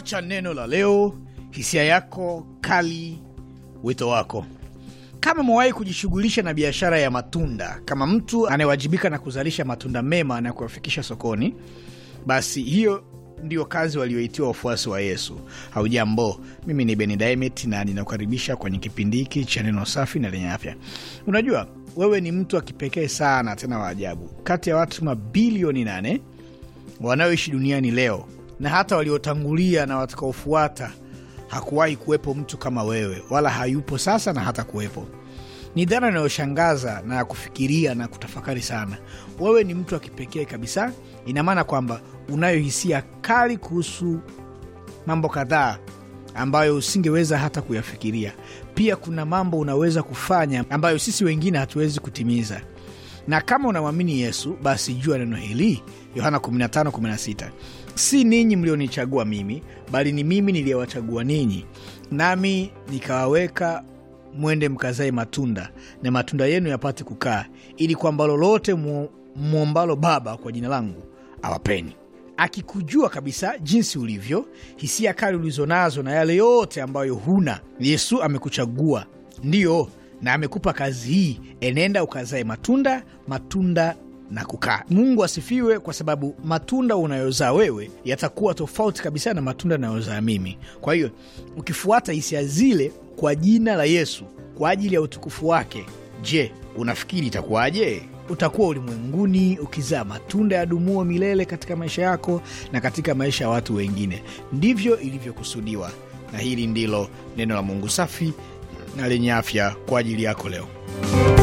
Kichwa cha neno la leo: hisia yako kali, wito wako. Kama umewahi kujishughulisha na biashara ya matunda kama mtu anayewajibika na kuzalisha matunda mema na kuyafikisha sokoni, basi hiyo ndiyo kazi walioitiwa wafuasi wa Yesu. Haujambo, mimi ni Beni dimet na ninakukaribisha kwenye kipindi hiki cha neno safi na lenye afya. Unajua, wewe ni mtu wa kipekee sana, tena wa ajabu. Kati ya watu mabilioni nane wanaoishi duniani leo na hata waliotangulia na watakaofuata, hakuwahi kuwepo mtu kama wewe, wala hayupo sasa na hata kuwepo. Ni dhana inayoshangaza na ya kufikiria na kutafakari sana. Wewe ni mtu wa kipekee kabisa. Ina maana kwamba unayo hisia kali kuhusu mambo kadhaa ambayo usingeweza hata kuyafikiria. Pia kuna mambo unaweza kufanya ambayo sisi wengine hatuwezi kutimiza na kama unamwamini Yesu basi jua neno hili, Yohana 15:16, si ninyi mlionichagua mimi, bali ni mimi niliyewachagua ninyi, nami nikawaweka mwende mkazae matunda, na matunda yenu yapate kukaa, ili kwamba lolote mwombalo Baba kwa jina langu awapeni. Akikujua kabisa jinsi ulivyo, hisia kali ulizonazo na yale yote ambayo huna, Yesu amekuchagua ndiyo na amekupa kazi hii, enenda eh, ukazae matunda, matunda na kukaa. Mungu asifiwe, kwa sababu matunda unayozaa wewe yatakuwa tofauti kabisa na matunda anayozaa mimi. Kwa hiyo ukifuata hisia zile kwa jina la Yesu, kwa ajili ya utukufu wake, je, unafikiri itakuwaje? Utakuwa ulimwenguni ukizaa matunda ya dumuo milele katika maisha yako na katika maisha ya watu wengine. Ndivyo ilivyokusudiwa, na hili ndilo neno la Mungu safi na lenye afya kwa ajili yako leo.